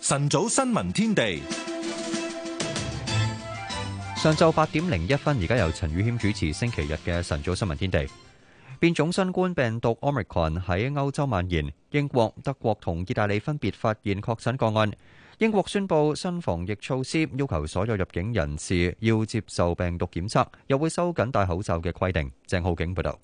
晨早新聞天地，上晝八點零一分，而家由陳宇謙主持。星期日嘅晨早新聞天地，變種新冠病毒 Omicron 喺歐洲蔓延，英國、德國同意大利分別發現確診個案。英國宣布新防疫措施，要求所有入境人士要接受病毒檢測，又會收緊戴口罩嘅規定。鄭浩景報道。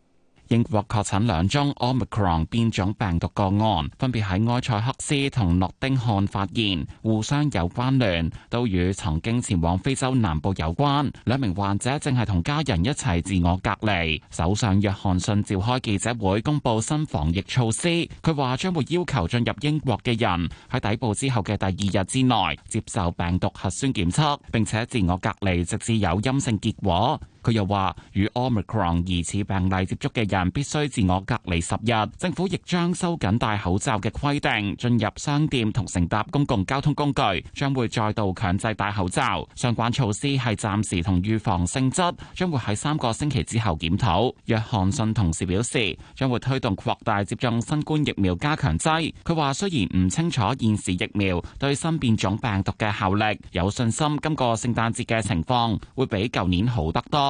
英國確診兩宗 Omicron 變種病毒個案，分別喺埃塞克斯同諾丁漢發現，互相有關聯，都與曾經前往非洲南部有關。兩名患者正係同家人一齊自我隔離。首相約翰遜召開記者會公布新防疫措施，佢話將會要求進入英國嘅人喺抵埗之後嘅第二日之內接受病毒核酸檢測，並且自我隔離直至有陰性結果。佢又話：與 Omicron 疑似病例接觸嘅人必須自我隔離十日。政府亦將收緊戴口罩嘅規定，進入商店同乘搭公共交通工具將會再度強制戴口罩。相關措施係暫時同預防性質，將會喺三個星期之後檢討。約翰遜同時表示，將會推動擴大接種新冠疫苗加強劑。佢話：雖然唔清楚現時疫苗對新變種病毒嘅效力，有信心今個聖誕節嘅情況會比舊年好得多。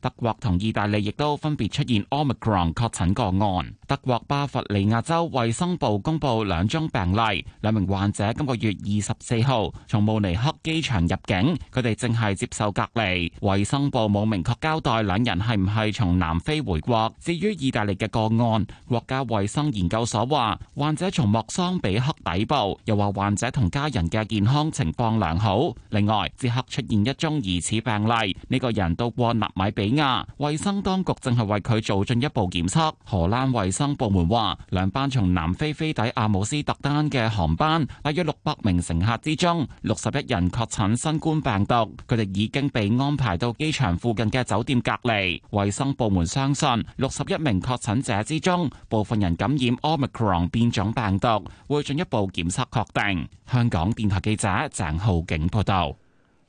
德國同意大利亦都分別出現 Omicron 確診個案。德國巴伐利亞州衛生部公布兩宗病例，兩名患者今個月二十四號從慕尼黑機場入境，佢哋正係接受隔離。衛生部冇明確交代兩人係唔係從南非回國。至於意大利嘅個案，國家衛生研究所話患者從莫桑比克抵埗，又話患者同家人嘅健康情況良好。另外，捷克出現一宗疑似病例，呢個人到過納米比亞。衛生當局正係為佢做進一步檢測。荷蘭衛生部門話，兩班從南非飛抵阿姆斯特丹嘅航班，大約六百名乘客之中，六十一人確診新冠病毒，佢哋已經被安排到機場附近嘅酒店隔離。衛生部門相信，六十一名確診者之中，部分人感染 Omicron 變種病毒，會進一步檢測確定。香港電台記者鄭浩景報道。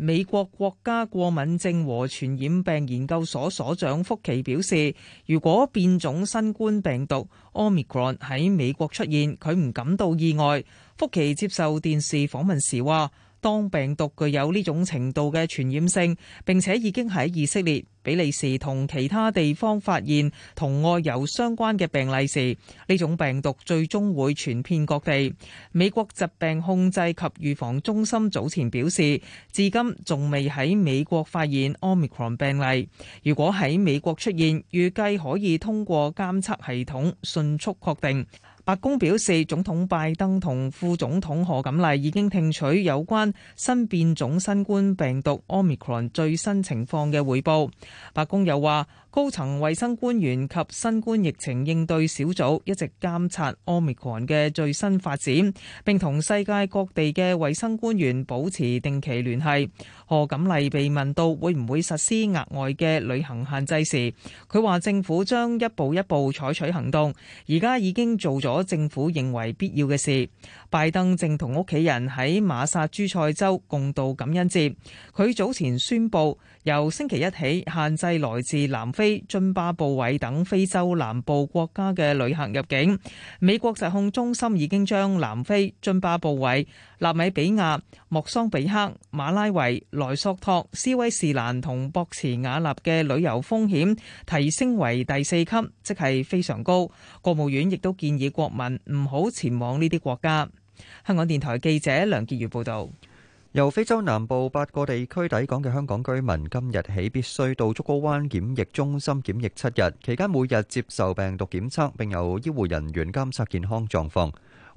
美國國家過敏症和傳染病研究所所長福奇表示，如果變種新冠病毒 Omicron 喺美國出現，佢唔感到意外。福奇接受電視訪問時話，當病毒具有呢種程度嘅傳染性，並且已經喺以色列、比利時同其他地方發現同外遊相關嘅病例時，呢種病毒最終會傳遍各地。美國疾病控制及預防中心早前表示，至今仲未喺美國發現 Omicron 病例。如果喺美國出現，預計可以通過監測系統迅速確定。白宮表示，總統拜登同副總統何錦麗已經聽取有關新變種新冠病毒 Omicron 最新情況嘅匯報。白宮又話。高層衛生官員及新冠疫情應對小組一直監察 Omicron 嘅最新發展，並同世界各地嘅衛生官員保持定期聯繫。何錦麗被問到會唔會實施額外嘅旅行限制時，佢話政府將一步一步採取行動。而家已經做咗政府認為必要嘅事。拜登正同屋企人喺馬薩諸塞州共度感恩節。佢早前宣布。由星期一起，限制來自南非、津巴布韋等非洲南部國家嘅旅客入境。美國疾控中心已經將南非、津巴布韋、納米比亞、莫桑比克、馬拉維、萊索托、斯威士蘭同博茨瓦納嘅旅遊風險提升為第四級，即係非常高。國務院亦都建議國民唔好前往呢啲國家。香港電台記者梁潔如報道。由非洲南部八個地區抵港嘅香港居民，今日起必須到竹篙灣檢疫中心檢疫七日，期間每日接受病毒檢測，並由醫護人員監察健康狀況。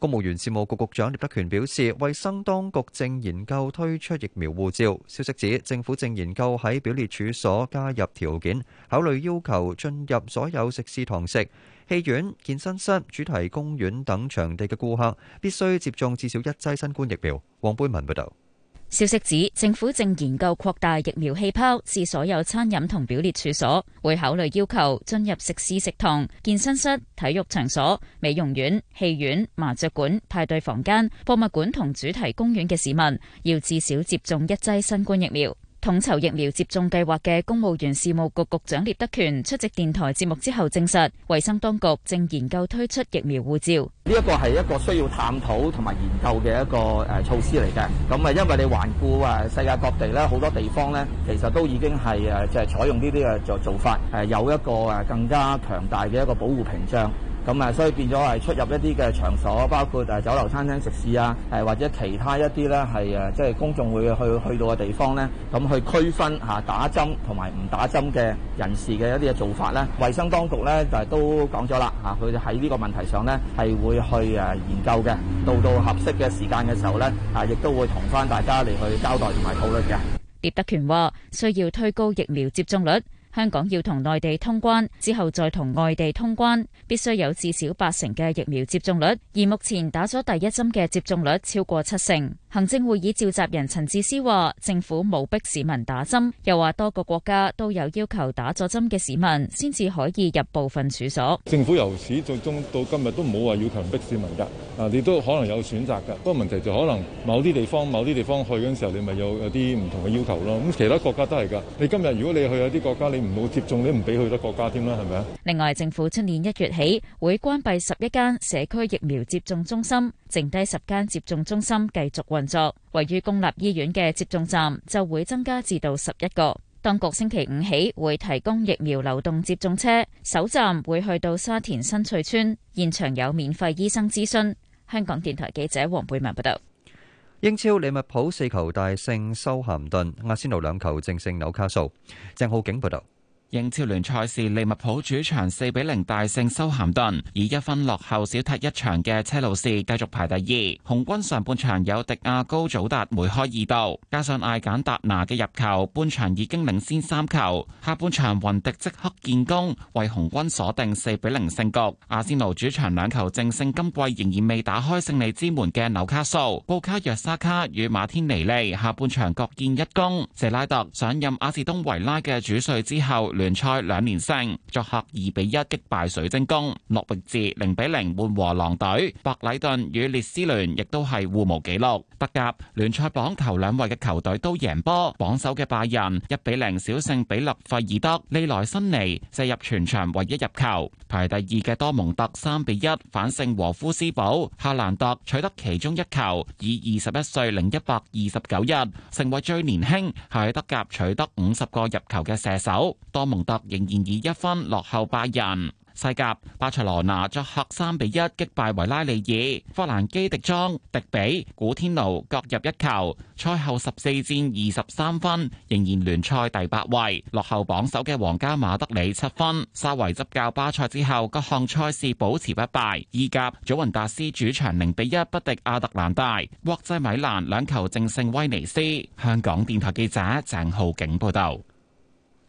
公務員事務局局長聶德權表示，衞生當局正研究推出疫苗護照。消息指，政府正研究喺表列處所加入條件，考慮要求進入所有食肆、堂食、戲院、健身室、主題公園等場地嘅顧客必須接種至少一劑新冠疫苗。黃貝文報道。消息指，政府正研究擴大疫苗氣泡至所有餐飲同表列處所，會考慮要求進入食肆、食堂、健身室、體育場所、美容院、戲院、麻雀館、派對房間、博物館同主題公園嘅市民，要至少接種一劑新冠疫苗。統籌疫苗接種計劃嘅公務員事務局局長聶德權出席電台節目之後證實，衛生當局正研究推出疫苗護照。呢一個係一個需要探討同埋研究嘅一個誒措施嚟嘅。咁啊，因為你環顧啊世界各地咧，好多地方咧，其實都已經係誒就係採用呢啲嘅做做法，誒有一個誒更加強大嘅一個保護屏障。咁啊，所以變咗係出入一啲嘅場所，包括誒酒樓餐廳食肆啊，或者其他一啲咧係誒即係公眾會去去到嘅地方咧，咁去區分吓打針同埋唔打針嘅人士嘅一啲嘅做法咧。衛生當局咧就係都講咗啦吓，佢哋喺呢個問題上咧係會去誒研究嘅，到到合適嘅時間嘅時候咧啊，亦都會同翻大家嚟去交代同埋討論嘅。聶德權話需要推高疫苗接種率。香港要同內地通關，之後再同外地通關，必須有至少八成嘅疫苗接種率，而目前打咗第一針嘅接種率超過七成。行政會議召集人陳智思話，政府冇逼市民打針，又話多個國家都有要求打咗針嘅市民先至可以入部分處所。政府由始最終到今日都冇話要強逼市民噶，啊，你都可能有選擇噶。不過問題就可能某啲地方，某啲地方去嗰陣時候，你咪有有啲唔同嘅要求咯。咁其他國家都係噶。你今日如果你去有啲國家，你唔好接種，你唔俾去得國家添啦，係咪啊？另外，政府出年一月起會關閉十一間社區疫苗接種中心。剩低十間接種中心繼續運作，位於公立醫院嘅接種站就會增加至到十一個。當局星期五起會提供疫苗流動接種車，首站會去到沙田新翠邨，現場有免費醫生諮詢。香港電台記者黃貝文報道。英超利物浦四球大勝修咸頓，阿仙奴兩球正勝紐卡素。鄭浩景報道。英超聯賽是利物浦主場四比零大勝修咸頓，以一分落後少踢一場嘅車路士繼續排第二。紅軍上半場有迪亞高、祖達梅開二度，加上艾簡達拿嘅入球，半場已經領先三球。下半場雲迪即刻建功，為紅軍鎖定四比零勝局。阿仙奴主場兩球淨勝，今季仍然未打開勝利之門嘅紐卡素，布卡約沙卡與馬天尼利下半場各建一功。謝拉特上任阿士東維拉嘅主帥之後，聯賽兩連勝，作客二比一擊敗水晶宮，諾域治零比零悶和狼隊，白禮頓與列斯聯亦都係互無紀錄。德甲聯賽榜頭兩位嘅球隊都贏波，榜首嘅拜仁一比零小勝比勒費爾德，利萊辛尼射入全場唯一入球。排第二嘅多蒙特三比一反勝和夫斯堡，夏蘭特取得其中一球，以二十一歲零一百二十九日成為最年輕喺德甲取得五十個入球嘅射手。多蒙特仍然以一分落後拜仁。西甲，巴塞羅那作客三比一擊敗維拉利爾，法蘭基迪莊、迪比、古天奴各入一球。賽後十四戰二十三分，仍然聯賽第八位，落後榜首嘅皇家馬德里七分。沙維執教巴塞之後，各項賽事保持不敗。意甲，祖雲達斯主場零比一不敵亞特蘭大，國際米蘭兩球正勝威尼斯。香港電台記者鄭浩景報道。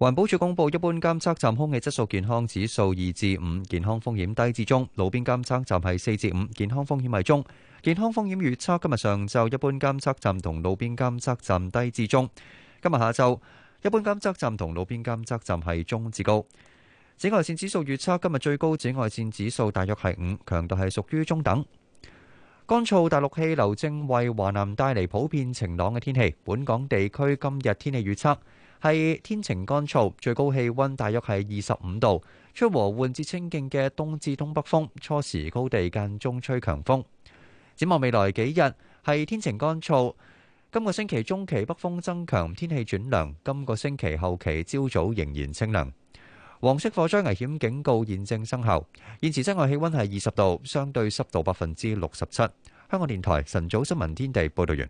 環保署公布一般監測站空氣質素健康指數二至五，5, 健康風險低至中；路邊監測站係四至五，5, 健康風險係中。健康風險預測今日上晝一般監測站同路邊監測站低至中，今日下晝一般監測站同路邊監測站係中至高。紫外線指數預測今日最高紫外線指數大約係五，強度係屬於中等。乾燥大陸氣流正為華南帶嚟普遍晴朗嘅天氣。本港地區今日天,天氣預測。係天晴乾燥，最高氣溫大約係二十五度，出和緩至清勁嘅東至東北風，初時高地間中吹強風。展望未來幾日係天晴乾燥，今個星期中期北風增強，天氣轉涼。今個星期後期朝早仍然清涼。黃色火災危險警告現正生效。現時室外氣溫係二十度，相對濕度百分之六十七。香港電台晨早新聞天地報道完。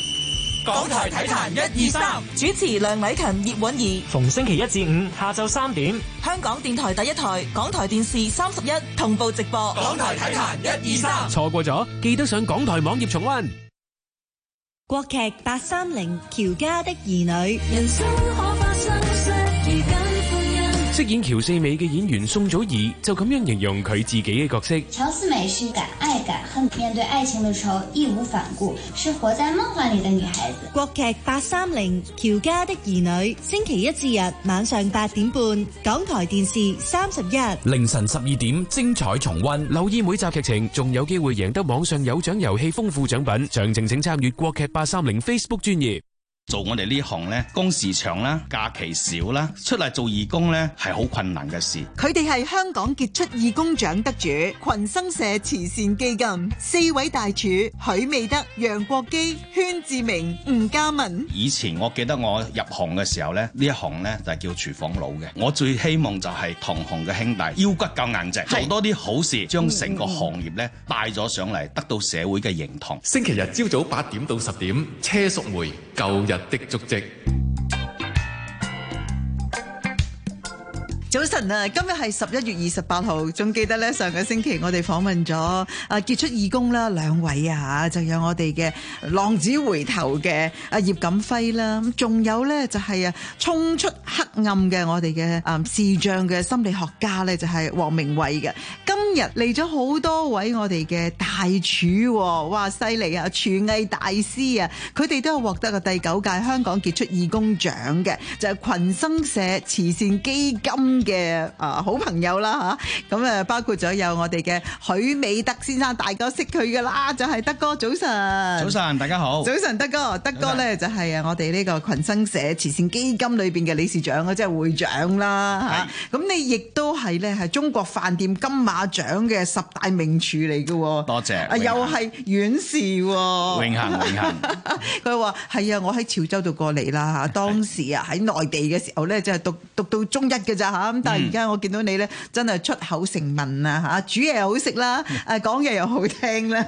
港台體壇一二三，主持梁偉勤、葉韻儀，逢星期一至五下晝三點，香港電台第一台、港台電視三十一同步直播。港台體壇一二三，錯過咗記得上港台網頁重溫。國劇八三零，喬家的兒女人生可發生。飾演喬四美嘅演員宋祖兒就咁樣形容佢自己嘅角色：喬四美是敢愛敢恨，面對愛情嘅時候義無反顧，是活在夢幻裏的女孩子。國劇八三零《喬家的兒女》，星期一至日晚上八點半，港台電視三十一，凌晨十二點，精彩重温。留意每集劇情，仲有機會贏得網上有獎遊戲豐富獎品。詳情請參閱國劇八三零 Facebook 專頁。做我哋呢行呢，工時長啦，假期少啦，出嚟做義工呢係好困難嘅事。佢哋係香港傑出義工獎得主，群生社慈善基金四位大廚許美德、楊國基、圈志明、吳嘉文。以前我記得我入行嘅時候呢，呢一行呢就係叫廚房佬嘅。我最希望就係同行嘅兄弟腰骨夠硬淨，是做多啲好事，將成個行業呢帶咗上嚟，嗯嗯、得到社會嘅認同。星期日朝早八點到十點，車淑梅舊。日的足跡。早晨啊！今日係十一月二十八號，仲記得咧上個星期我哋訪問咗啊結出義工啦兩位啊，就有我哋嘅浪子回頭嘅啊葉錦輝啦，咁仲有咧就係啊衝出黑暗嘅我哋嘅啊視障嘅心理學家咧就係黃明慧嘅。今日嚟咗好多位我哋嘅大廚，哇犀利啊廚藝大師啊！佢哋都有獲得個第九屆香港傑出義工獎嘅，就係、是、群生社慈善基金。嘅啊好朋友啦嚇，咁誒包括咗有我哋嘅許美德先生，大家識佢噶啦，就係德哥。早晨，早晨大家好，早晨德哥。德哥咧就係啊我哋呢個群生社慈善基金裏邊嘅理事長啊，即係會長啦嚇，咁你亦都係咧係中國飯店金馬獎嘅十大名廚嚟嘅。多謝，又係院士喎，永恆永恆，佢話係啊，我喺潮州度過嚟啦嚇，當時啊喺內地嘅時候咧就係讀讀到中一嘅咋嚇。咁但係而家我見到你咧，真係出口成文啊！嚇、嗯，煮嘢又好食啦，誒講嘢又好聽啦。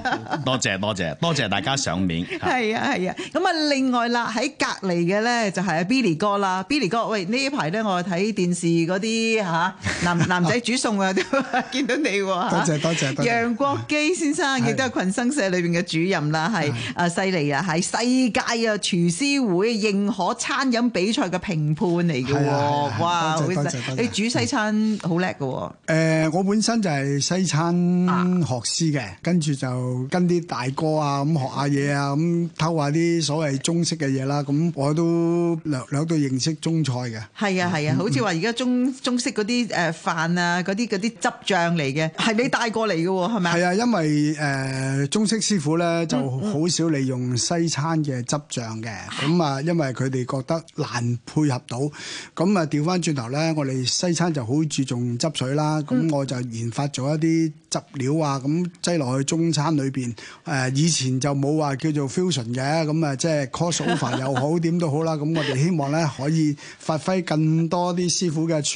多謝多謝多謝大家賞面。係啊係啊，咁啊、啊另外啦，喺隔籬嘅咧就係 Billy 哥啦。Billy 哥，喂呢排咧我睇電視嗰啲嚇男男仔煮餸啊， 都見到你喎。多謝多謝楊國基先生，亦都係群生社裏邊嘅主任啦，係啊犀利啊，喺、啊、世界啊廚師會認可餐飲比賽嘅評判嚟嘅喎，啊啊啊、哇！煮西餐好叻嘅喎，誒，我本身就係西餐學師嘅，跟住就跟啲大哥啊咁學下嘢啊，咁偷下啲所謂中式嘅嘢啦，咁我都兩兩都認識中菜嘅。係啊，係啊，好似話而家中中式嗰啲誒飯啊，嗰啲嗰啲汁醬嚟嘅，係你帶過嚟嘅喎，係咪？係啊，因為誒中式師傅咧就好少利用西餐嘅汁醬嘅，咁啊，因為佢哋覺得難配合到，咁啊，調翻轉頭咧，我哋。西餐就好注重汁水啦，咁我就研發咗一啲汁料啊，咁擠落去中餐裏邊。誒、呃、以前就冇話叫做 fusion 嘅，咁啊，即係 crossover 又好點都好啦。咁我哋希望咧可以發揮更多啲師傅嘅。